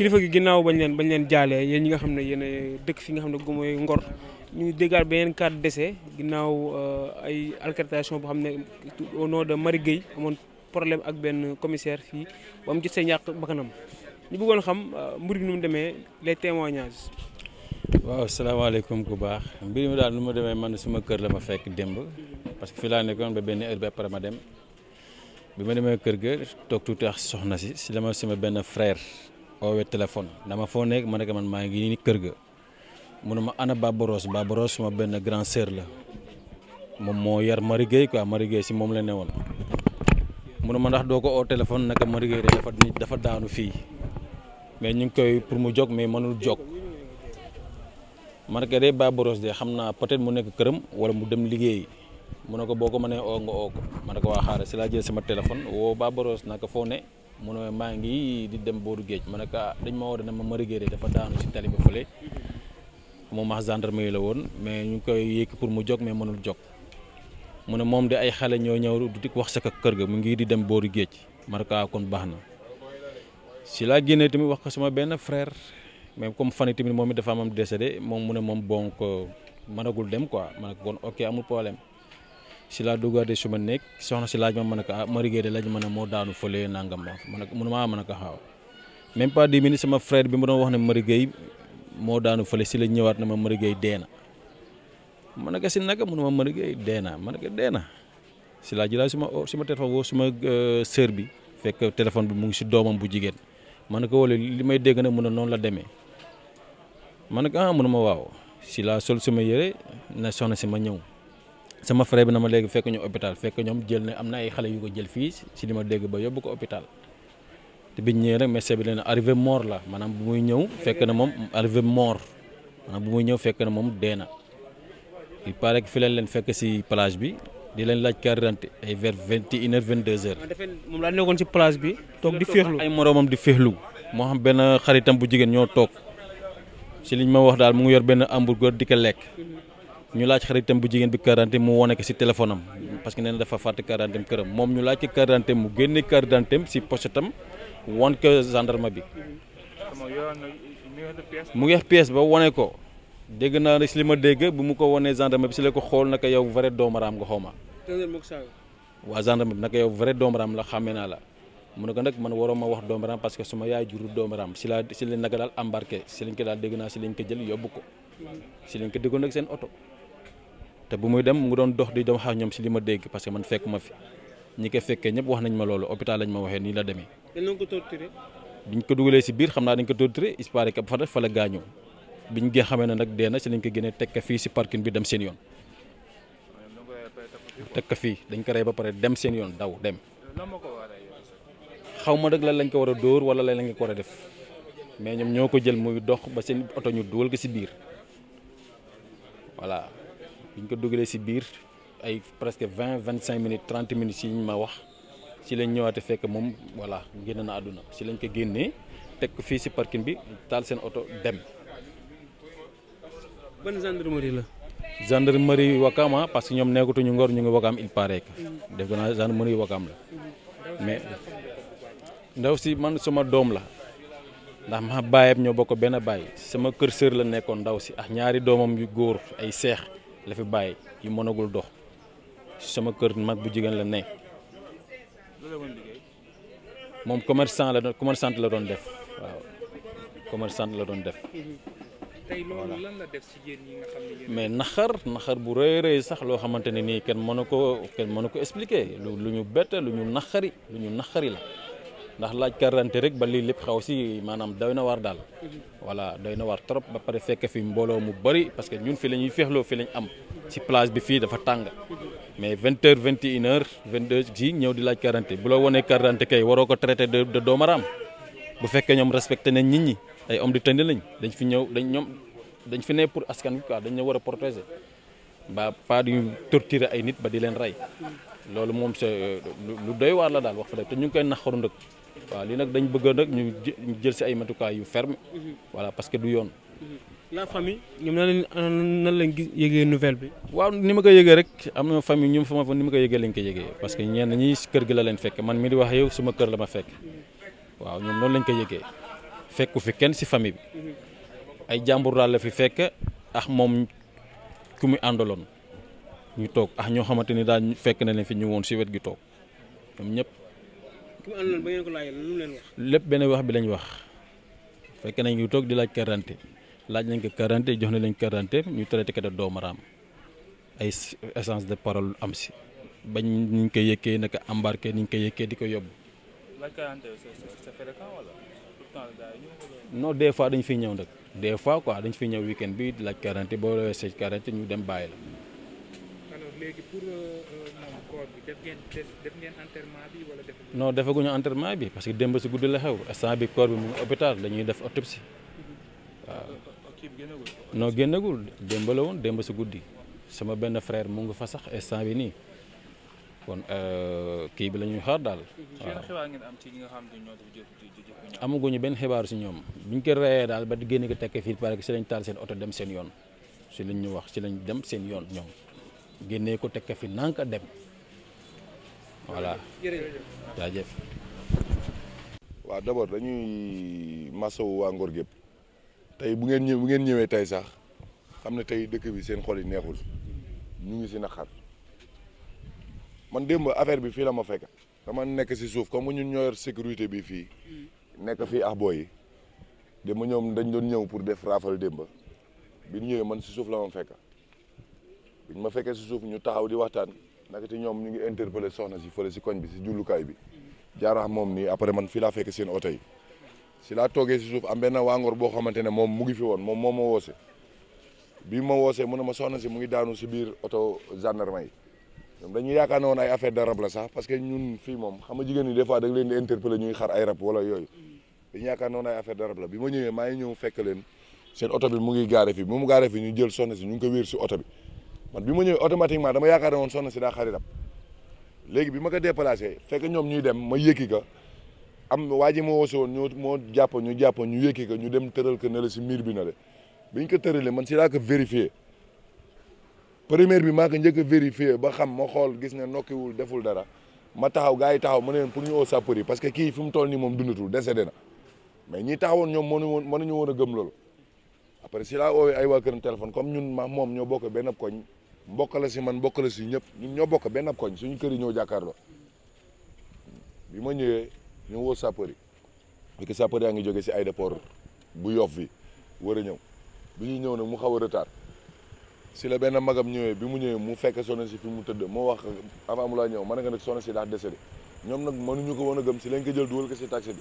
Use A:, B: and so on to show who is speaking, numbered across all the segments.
A: kilifa gi ginnaaw bañ leen bañ leen jaalee yéen ñi nga xam ne yéen dëkk fi nga xam ne gu mooy Ngor ñu déggaat beneen cas de décès ginnaaw euh, ay altercation boo xam ne au nom de Marie Gueye amoon problème ak benn commissaire fii ba mu jotee ñàkk bakkanam ñu bëggoon xam euh, mbir mi nu demee les témoignages. waaw salaamaaleykum baax mbir mi daal nu mu demee man suma kër la ma fekk démb parce que fii laa nekkoon ba benn heure bi après ma dem bi ma demee kër ga toog tuuti ak soxna si si la ma sama benn frère. oowee téléphone dama foo nekk ma ne ko man maa ngi nii kër ga mu ne ma ana Babaros Babaros suma benn grand sœur la moom moo yar Marie Guèye quoi Marie Guèye si moom la ne woon mu ne ma ndax doo ko oo téléphone naka Marie Guèye dafa dafa daanu fii mais ñu ngi koy pour mu jog mais mënul jóg man de Babaros de xam naa peut-être mu nekk këram wala mu dem liggéey mun ne ko boo ko mënee oo nga oo ko ma ne ko waa xaaral si laa jël sama téléphone woo Babaros naka foo ne. mu ne maa ngi di dem booru géej ma ne ah, dañ ma woo na ma marigéré dafa daanu si tali ba moom max gendarme yi la woon mais ñu ngi koy yéeg pour mu jog mais mënul jog mu ne moom de ay xale ñoo ñëw du di wax sa ka kër ga mu ngi di dem booru géej ma ah, kon baax na si laa génnee tamit wax ko sama benn frère mais comme fan yi tamit moom it dafa am am moom mu ne moom bon ko mënagul dem quoi ma ne ko kon ok amul problème si laa duggaatee su ma nekk soxna si laaj ma mën a ko ah Marie de laaj ma ne moo daanu fële nangam ma ma ne ko mënuma a ko xaaw même pas dix minutes sama frère bi mu doon wax ne Marie Gueye moo daanu fële si la ñëwaat ne ma Marie Gueye dee na ma ne ko si naka mënuma dee na ma ne ko dee na si laa jëlaat suma oh, suma téléphone woo suma euh, sœur bi fekk téléphone bi mu ngi si doomam bu jigéen ma ne ko wala li may dégg nag mu ne noonu la demee ma ne ko ah mënuma waaw si laa sol suma yére na soxna si ma ñëw. sama frère bi na ma léegi fekk ñu hôpital fekk ñoom jël na am na ay xale yu ko jël fii si li ma dégg ba yóbbu ko hôpital te biñ ñëwee rek médecin bi leen arrivé mort la maanaam bu muy ñëw fekk na moom arrivé mort maanaam bu muy ñëw fekk na moom dee na il paraît que fi leen fekk si plage bi di leen laaj carte ay vers vingt et une heures vingt deux heures. moom laa nekkoon si plage bi. toog di féexlu ay moroomam di féexlu. moo xam benn xaritam bu jigéen ñoo toog si liñ ma wax daal mu ngi yor benn hamburger di ko lekk. ñu laaj xaritam bu jigéen bi carte d'identité mu wone ko si téléphone am parce que nee na dafa fàtte carte d'identité këram moom ñu laaj ko carte d'identité mu génne carte d'identité si pochetam won ko gendarme bi. mu ngeex pièce ba wone ko dégg naa ne si li ma dégg bu mu ko wonee gendarme bi si la ko xool naka yow vrai doomaraam nga xaw ma waa gendarme bi naka yow vrai doomaraam la xàmmee naa la mu ne ko nag man waroo ma wax doomaraam parce que suma yaay jurul doomaraam si laa si lañ naka daal embarqué si lañ ko naa si lañ ko jël yóbbu ko si lañ ko déggoon nag seen oto te bu muy dem mu doon dox di dem xaar ñoom si li ma dégg parce que man fekk ma fi ñi wax nañ ma loolu hôpital lañ ma la demee. dañ ko torturé. biñ ko dugalee si biir xam naa dañ ko torturé il fa la fa la gaañoo nag dee na si lañ ko génnee teg ko fii si parking bi dem seen yoon. teg ko fii dañ ko rey ba pare dem seen yoon daw dem. xaw ma nag lan lañ ko war a dóor wala lan lañ ko war a def mais ñoom ñoo ko jël muy dox ba seen oto ñu dugal ko si biir voilà. biñ ko dugalee si biir ay presque vingt vingt cinq minutes trente minutes yi ñu ma wax si lañ ñëwaate fekk moom voilà génn na àdduna si lañ ko génnee teg ko fii si parking bi taal seen oto dem. ban gendarmerie la. gendarmerie Wakaam ah parce que ñoom nekkatuñu Ngor ñu ngi Wakaam il paraît que def naa gendarmerie Wakaam la mais ndaw si man suma doom la ndax ma baayam ñoo bokk benn baay sama kër sër la nekkoon ndaw si ak ñaari doomam yu góor ay seex. la fi bàyyi yu mënagul dox sama kër mag bu jigéen la ne moom commerçant la doon commerçante la doon def waaw commerçante la doon def.
B: lan la def ci yéen ñi nga xam mais naxar
A: naxar bu rëy rëy sax loo xamante ne nii kenn mënu ko kenn mënu ko expliquer lu ñu bett lu ñu naxari lu ñu naxari la. ndax laaj karante rek ba lii lépp xaw si maanaam doy na waar daal voilà doy na waar trop ba pare fekk fi mbooloo mu bëri parce que ñun fi la ñuy féexloo fi lañ am si plage bi fii dafa tàng mais vingt heures vingt et une heures vingt deux ji ñëw di laaj karante bu la wonee karante kay waroo ko traité de de doomaraam bu fekkee ñoom respecté nañ nit ñi ay homme de tenue lañ dañ fi ñëw dañ ñoom dañ fi ne pour askan bi quoi dañ la war a protéger ba pas du torturer ay nit ba di leen rey loolu moom c'est lu doy waar la daal wax fa dëgg te ñu ngi koy naxaru waaw li nag dañ bëgg rek ñu jël si ay matukaay yu ferm mhm. voilà parce que du yoon. Mhm. la famille ñoom nan lañ nan lañ gis yëgee nouvelle bi. waaw ni ma ko yëgee rek am na famille ñoom sama ni ma ko yëgee lañ ko yëgee parce que ñenn ñi kër gi la leen fekk man mi di wax yow suma kër la ma fekk waaw ñoom noonu lañ ko yëgee fekku fi kenn si famille bi mhm. ay jàmbur daal la fi fekk ax moom ku mu àndaloon ñu toog ax ñoo xamante ni daal fekk na leen fi ñu woon si wet gi toog ñoom ñëpp. ki mu leen lépp benn wax bi lañ wax fekk nañ ñu toog di laaj quarante laaj nañ ko quarante jox nañ leen quarante ñu traité ko de doomaraam ay essence de parole am si bañ ñu koy yëkkee naka embarqué ni ñu koy yëkkee di ko yóbbu. laaj quarante c'est fréquent des fois dañ fiy ñëw nag des fois quoi dañ fiy ñëw weekend bi di laaj quarante boo weesoo quarante ñu dem bàyyi la.
B: léegi pour euh, euh, moom koor
A: bi defaguñu enterrement bi parce que démb si guddi la xew instant bi koor bi mu ngi hôpital dañuy def autopsie waaw. Euh, non génnagul démb la woon démb si guddi sama benn frère mu ngi fa sax instant bi nii kon kii bi lañuy xaar daal. waaw amaguñu benn xibaar si ñoom buñ ko reyee daal ba di génn ko tekkee fii pare si lañ taal seen oto dem seen yoon si lañ ñu wax si lañ dem seen yoon ñoom. génnee ko te ko fi nank dem voilà jaajëf
C: waaw d'abord dañuy masawu waa Ngor gépp tey bu ngeen ñëw bu ngeen ñëwee tey sax xam ne tey dëkk bi seen xol yi neexul ñu ngi si naqar man démb affaire bi fii la ma fekk dama nekk si suuf comme ñun ñoo yor sécurité bi fii mm. nekk fii ak booy yi démb ñoom dañ doon ñëw pour def raafal démb bi ñëwee man si suuf la ma fekk biñ ma fekkee si suuf ñu taxaw di waxtaan nakati ñoom ñu ngi interpellé soxna si fële si koñ bi si jullukaay bi jaarax moom nii après man fii laa fekk seen oto si laa toogee si suuf am boo xamante ne moom mu ngi fi woon moom moo ma woose bii ma woosee mu ne ma soxna si mu ngi daanu si biir oto gendarme yi ñoom dañuy yaakaar ne woon ay affaire de rab la sax parce que moom xam nga jigéen ñi des fois da nga leen di wala yooyu dañuy yaakaar ne woon ay affaire de bi ma ñëwee maa ngi ñëw fekk leen seen oto mu ngi gaare fi bi mu ñu jël soxna si ñu ngi ko wéer si oto bi man bi ma ñëwee automatiquement dama yaakaar ne woon soxna si daa xari léegi bi ma ko déplacé fekk ñoom ñuy dem ma yëkki ka am waa ji ma woosi woon ñoo moo jàpp ñu jàpp ñu yëkki ko ñu dem tëral ko ne la si bi na le biñ ko tëralee man si laa ko vérifié première bi maa ko njëkk a vérifié ba xam ma xool gis ne nokkiwul deful dara ma taxaw gars yi taxaw ma ne leen pour ñu parce que kii fi mu toll nii moom dundatul décédé na mais ñi taxawoon ñoom mënu woon mënuñu woon a gëm loolu après si laa oowee ay waa këram téléphone comme ñun ma moom ñoo bokk benn koñ mbokk la si man mbokk la si ñëpp ñun ñoo bokk benn koñ suñu kër yi ñoo jàkkaarloo bi ma ñëwee ñu woo sapeur yi parce yaa ngi jóge si aéroport bu Yoff bi war a ñëw bi ñuy ñëw nag mu xaw a retard si la bi mu ñëwee mu fekk soxna si fi mu tëdd moo wax avant mu laa ñëw ma ne ko nag soxna si daa décédé ñoom nag mënuñu ko woon a gëm si lañ ko jël dugal ko si taxi bi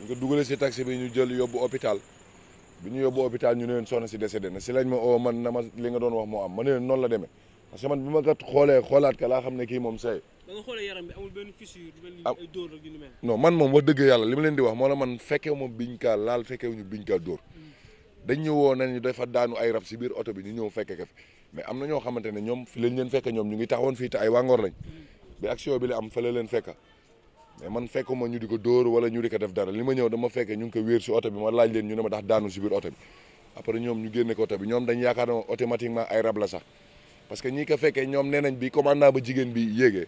C: ñu ko dugalee si taxi bi ñu jël yóbbu hôpital bi ñu yóbbu hôpital ñu ne leen soxna si décédé na si lañ ma oo man na ma li nga doon wax moo am ma ne leen la demee parce que man bi ma kat xoolee xoolaat ka laa xam ne kii moom say
A: ba yaram bi ah.
C: man moom wax dëgg yàlla li ma leen di wax moo la man fekkew ma biñ kaa laal fekkew ñu biñ kaa dóor mm. dañ ñu woo nañu dafa daanu ay rab si biir oto bi ñu ñëw fekke ka fi mais am na ñoo xamante ne ñoom fi lañ leen fekk ñoom ñu ngi taxawoon fii te ay wàngoor lañ mm. bi action bi am fa leen fekka mais man fekkuma ñu di ko dóor wala ñu di ko def dara li ma ñëw dama fekkee ñu ngi ko wéer si oto bi ma laaj leen ñu ne ma ndax daanu si biir oto bi après ñoom ñu génne ko oto bi ñoom que ñi ko fekkee ñoom nee bi commandant ba jigéen bi yéegee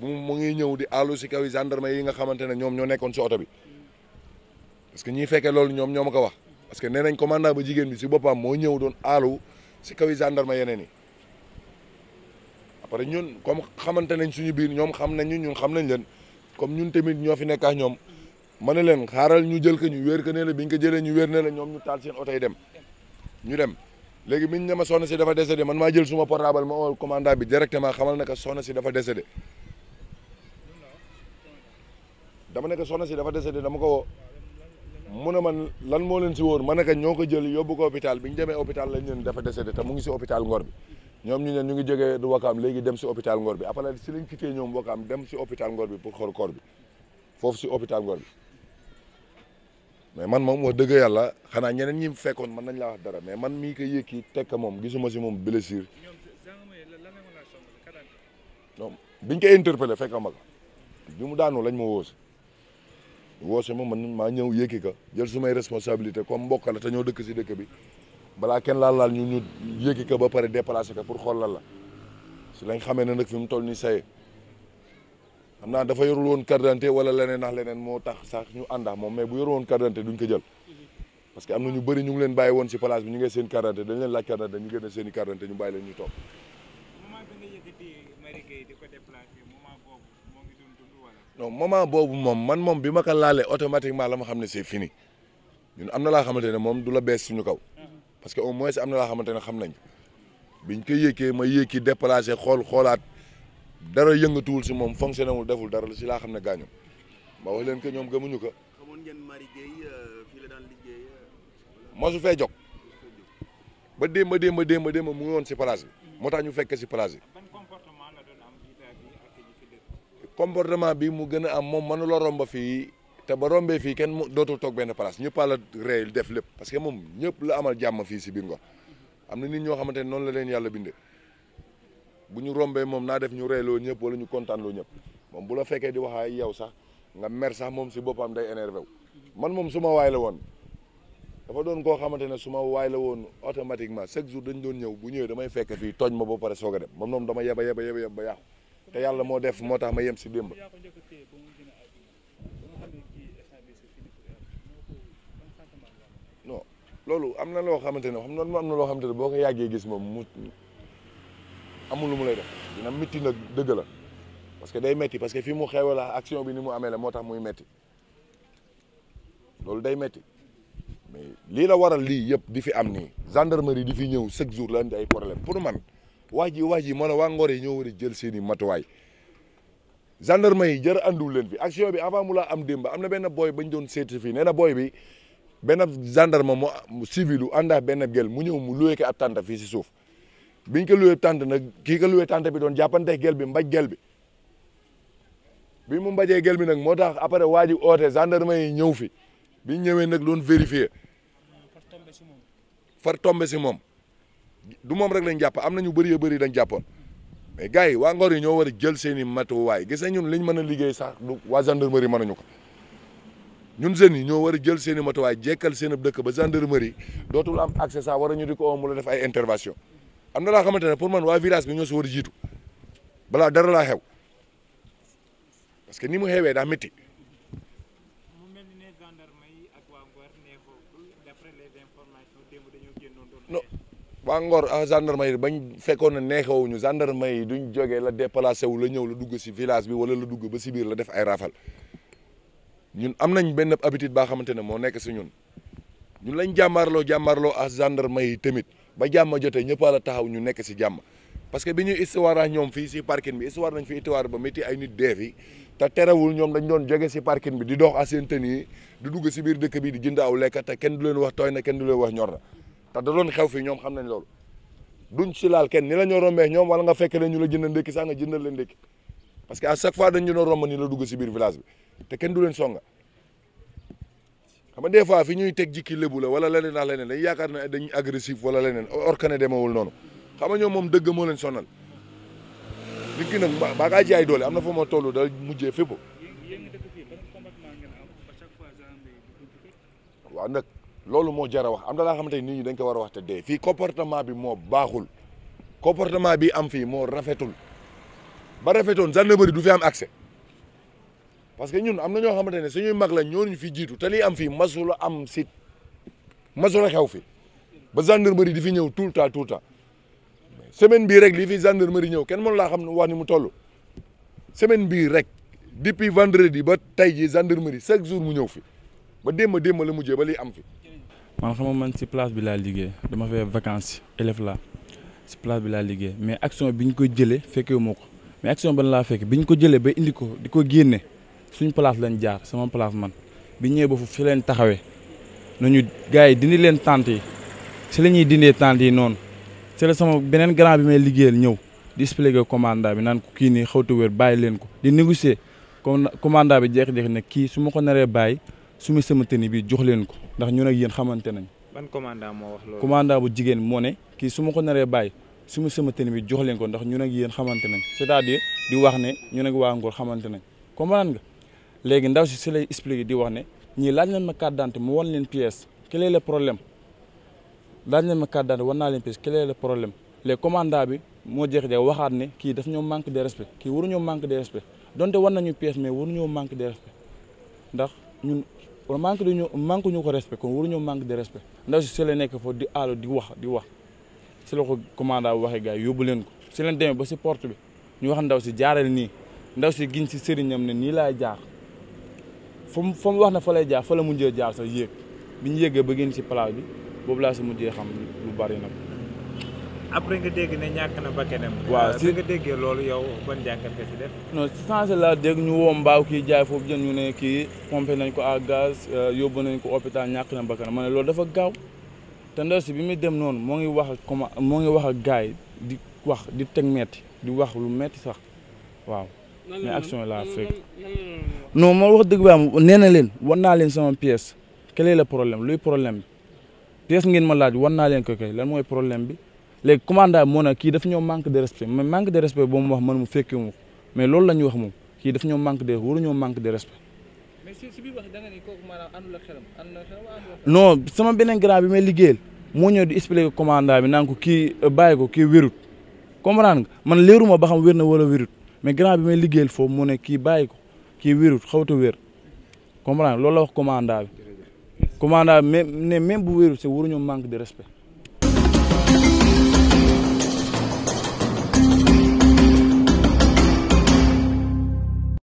C: mu ngi ñëw di àllu si kaw yi gendarme yi nga xamante ne ñoom ñoo nekkoon si oto bi que ñi fekkee loolu ñoom ñoo ma ko wax parce que nee nañ commandant ba jigéen bi si boppam moo ñëw doon aalu si kaw yi gendarme yeneen yi après ñun comme xamante nañ suñu biir ñoom xam nañ ñun xam nañ leen comme ñun tamit ñoo fi nekk ak ñoom ma ne leen xaaral ñu jël ko ñu wéer ko ne bi ñu ko jëlee ñu wéer ne la ñoom ñu taal seen oto yi dem ñu dem léegi biñ ne ma soxna si dafa dese man maa jël suma portable ma woo commandant bi directement xamal na ko soxna si dafa décédé dama ne ko soxna si dafa décédé dama ko woo mu ne man lan moo leen si wóor ma ne ko ñoo ko jël yóbbu ko hôpital bi ñu demee hôpital lañ leen dafa décédé te mu ngi si hôpital Ngor bi ñoom ñu ne ñu ngi jógee du Wakaam léegi dem si hôpital Ngor bi après si lañ quitté ñoom Wakaam dem si hôpital Ngor bi pour xool corps bi foofu si hôpital Ngor bi mais man moom wax dëgg yàlla xanaa ñeneen ñi fekkoon mën nañ laa wax dara mais man mii ko yëkki tekk moom gisuma si moom blessure non biñ koy interpellé fekk ma ko bi mu daanu lañ ma woo si woose ma man maa ñëw yëkki ka jël sumay responsabilité comme mbokk la te ñoo dëkk si dëkk bi balaa kenn laal laal ñu ñu yëkki ka ba pare déplacé ka pour xool lan la si lañ xamee ne nag fi mu toll nii saye xam naa dafa yorul woon carte d'identité wala leneen ndax leneen moo tax sax ñu àndax moom mais bu yoru woon carte duñ ko jël parce que am na ñu bëri ñu ngi leen bàyyi woon si place bi ñu ngi seen carte dañ leen laaj carte d'identité ñu génne seen i non moment boobu moom man moom bi ma ko laalee automatiquement la ma xam ne c'est fini ñun am na laa xamante ne moom du la bees suñu kaw parce que au moins am na laa xamante ne xam nañ ñu ko yéekee ma yéeki déplacé xool xoolaat dara yëngatuwul si moom fonctionné wul deful dara si laa xam ne gaañu ma wax leen que ñoom gëmuñu ko. xamoon ngeen Marie Gueye euh, fii la daan liggéey. Euh, mosu fee jóg ba démb démb démb démb mu ngi woon si place moo tax ñu fekkee si place comportement bi mu gën a am moom mënu la romb fii te ba rombee fii kenn dootul toog benn place ñëpp la rey def lépp parce que moom ñëpp la amal jàmm fii si biir ngox am na nit ñoo xamante ne noonu la leen yàlla bindee bu ñu rombee moom naa def ñu reeloo ñëpp wala ñu kontaanloo ñëpp moom bu la fekkee di wax ay yow sax nga mer moom si boppam day énervé wu man moom su ma waay woon dafa doon koo xamante ne su ma waay la woon automatiquement chaque jour dañ doon ñëw bu ñëwee damay fekk fii tooñ ma ba pare soog a dem moom noonu dama yeba yeba yeba ba yàqu te yàlla moo def moo tax ma yem si démb non loolu am na loo xamante ne xam noonu am na loo xamante ne boo ko yàggee gis moom mu amul mu lay def dina métti nag dëgg la parce que day métti parce que fi mu xewe la action bi ni mu amee la moo tax muy métti loolu day métti mais lii la waral lii yëpp di fi am nii gendarmerie di fi ñëw chaque jour la andi ay problème pour man wax ji wax ji ma ne waa Ngor yi ñoo war a jël seen i matuwaay gendarme yi jër andiwul leen fi action bi avant mu laa am démb am na benn booy bañ doon seeti fii nee na boy bi benn ma mu civil lu ànd ak benn gel mu ñëw mu luwee ko ab tante fii si suuf biñ ko luwee tante nag kii ko bi doon jàppante gel bi mbaj gel bi bi mu mbajee gel bi nag moo tax après waa ji oote ma yi ñëw fi biñ ñëwee nag doon vérifier far tombe si moom. du moom rek lañ jàpp am na ñu bëri yu bëri dañ jàppoon mais gars yi waa Ngor yi ñoo war a jël seen i matuwaay gis nga ñun liñ mën a liggéey sax du waa gendarmerie mënuñu ko ñun jeunes yi ñoo war a jël seen i matuwaay jekkal seen ab dëkk ba gendarmerie dootul am accès sax war a ñu di ko mu la def ay intervention am na laa xamante ne pour man waa village bi ñoo si war a jiitu balaa dara laa xew parce ni mu xewee daa métti waa Ngor ah, gendarmerie bañ fekkoon na neexewuñu gendarmerie yi duñ jógee la déplacé wu la ñëw la dugg si village bi wala la dugg ba si biir la def ay rafal ñun am nañ benn habitude baa xamante ne moo nekk si ñun ñun lañ jàmmaarloo jàmmaarloo ak gendarmerie yi tamit ba jàmm jotee ñëpp a la taxaw ñu nekk si jàmm parce que bi ñu istuwaar ak ñoom fii si parking bi istuwaar nañ fi istuwaar ba métti ay nit dee fi te terewul ñoom dañ doon jóge si parking bi di dox ak seen tenue dugg si biir dëkk bi di jënd aw lekk kenn du leen wax tooy na kenn du leen wax ñor te da doon xew fii ñoom xam nañ loolu du ci laal kenn ni la ñoo rombee ñoom wala nga fekk ne ñu la jënd ndékki sax nga jëndal leen ndékki parce que à chaque fois dañ ñu doon romb ni la dugg ci biir bi te kenn du leen songa xam nga des fois fi ñuy teg jikki lébu la wala leneen ndax leneen dañ yaakaar ne dañuy agressif wala leneen or que ne demewul noonu xam nga ñoom moom dëgg moo leen sonal nit ki nag doole am na fa moo toll da mujjee fépp waaw nag loolu moo jar a wax am na laa xamante ni nit ñi dañ ko war a wax te dee fii comportement bi moo baaxul comportement bi am fii moo rafetul ba rafetoon gendarmerie du fi am accès parce que ñun am na ñoo xamante ne suñuy mag la ñooñu fi jiitu te liy am fii masula am si masula xew fi ba gendarmerie di fi ñëw tout le temps tout le semaine bi rek li fi gendarmerie ñëw kenn mënu laa xam wax ni mu toll semaine bi rek depuis vendredi ba tey ji gendarmerie chaque jour mu ñëw fi ba démb démb la mujjee ba am fi
B: man xam man si place bi laa liggéey dama fee vacances élève la si place bi laa liggéey mais action bi ñu ko jëlee fekkee moo ko mais action ba laa fekk bi ñu ko jëlee ba indi ko di ko génne suñ place lañ jaar sama place man bi ñëwee ba fu fi leen taxawee nañu gars yi dindi leen tente yi si la ñuy dindee tente yi noonu si la sama beneen grand bi may liggéeyal ñëw di expliquer commandant bi naan ko kii nii xawtu wér bàyyi leen ko di négocier commandant bi jeex-jeex ne kii su ma ko naree bàyyi sumi sama tenue bi jox leen ko ndax ñu ak yéen xamante nañ. ban commandant moo wax loolu. commandant bu jigéen moo ne kii suma ma ko naree bàyyi sumi sama tenue bi jox leen ko ndax ñu ak yéen xamante nañ c'est-à-dire di wax ne ñun ak waa Ngor xamante nañ comprendre nga léegi ndaw si si lay expliqué di wax ne ñii laaj leen ma carte d'identité mu wan leen pièce quel est problème laaj leen ma carte war wan naa leen pièce quel est le problème les commandant bi moo jeex-jeex waxaat ne kii daf ñoo manque de respect kii waruñoo manque de respect donte wan nañu pièce mais waruñoo manque de ndax. ñun manque de ñu manque ñu ko respect kon waruñoo manque de respect ndax si la nekk foofu di àll di wax di wax si la ko commandant bu waxee gars yi yóbbu leen ko si leen demee ba si port bi ñu wax ndaw si jaaral nii ndaw si giñ si sëriñam ne nii laay jaar fa mu wax na fa lay jaar fa la mujjee jaar sax yéeg bi ñu yéegee ba génn si place bi boobu laa si mujjee xam lu bari nag. après nga dégg ne ñàkk na bakkanam. waaw euh, si nga déggee loolu yow ban jàngat nga si def. non si sens laa dégg ñu woo mbaaw kii jaay foofu jën ñu ne kii pompé nañ ko à gaz euh, yóbbu nañ ko hôpital ñàkk na bakkanam ma ne loolu dafa gaaw te ndaw si bi muy dem noonu moo ngi wax ak moo ngi wax ak gars yi di wax di teg metti di wax lu metti sax waaw. mais action laa fekk. non wax dëgg ba nee na leen wan naa leen sama pièce quel la le problème luy problème bi pièce ngeen ma laaj wan naa leen ko kay lan mooy problème bi. léegi commandant moo ne kii daf ñoo manque de respect mais manque de respect boo mu wax man mu fekkee mu loolu la ñuy wax moom kii daf ñoo manque de waruñoo manque de wax da sama beneen grand bi may liggéeyal moo ñëw di expliquer commandant bi naan kii euh, bàyyi ko kii wérut comprendre nga man leeruma ba xam wér na wala wérut mais grand bi may liggéeyal foofu moo ne kii bàyyi ko kii wérut xawta wér comprendre loolu la wax commandant bi commandant bi même ne même bu wérut c'est waruñoo manque de respect